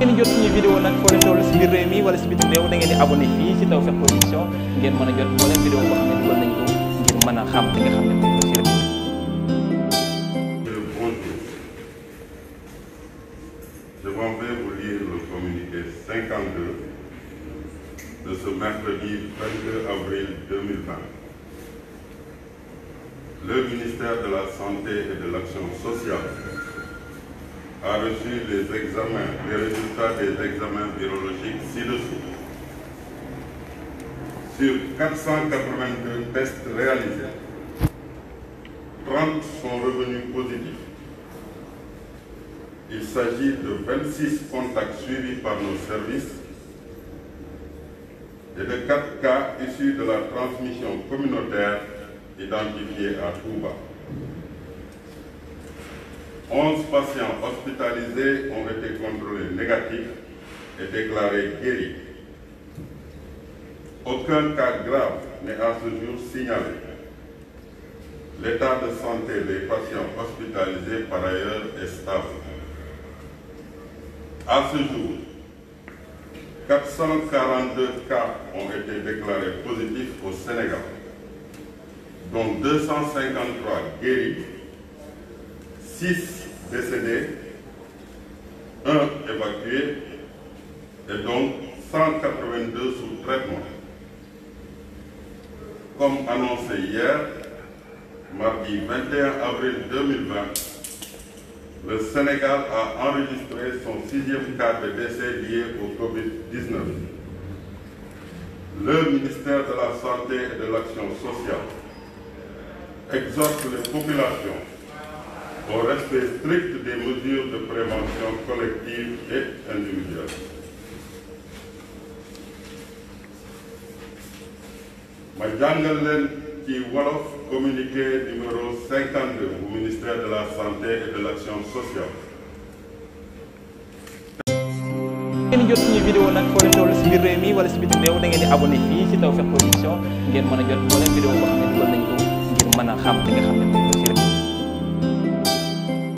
ngeen jot suñu vidéo nag foo leen toll si biir wala si biir réew da ngeen di abonné fii si Tawfekh Production ngeen a jot moo leen vidéo boo ko ngir mën a xam li nga xam ne Le ministère de la Santé et de l'Action sociale a reçu les examens, les résultats des examens virologiques ci-dessous. Sur 482 tests réalisés, 30 sont revenus positifs. Il s'agit de 26 contacts suivis par nos services et de 4 cas issus de la transmission communautaire identifiée à Touba. 11 patients hospitalisés ont été contrôlés négatifs et déclarés guéris. Aucun cas grave n'est à ce jour signalé. L'état de santé des patients hospitalisés par ailleurs est stable. À ce jour, 442 cas ont été déclarés positifs au Sénégal, dont 253 guéris 6 décédés, 1 évacué et donc 182 sous traitement. Comme annoncé hier, mardi 21 avril le Sénégal a enregistré son sixième cas de décès lié au Covid-19. Le ministère de la Santé et de l'Action sociale exhorte les populations au respect strict des mesures de prévention collective et individuelle. ma jàngal leen ci wolof communiqué numéro ministère de la santé et de l'action sociale. ngeen jot wala si biti réew da ngeen di abonné fii si Tawfekh ngeen mën a jot moo leen vidéo boo xam ne dugal mën a xam li nga xam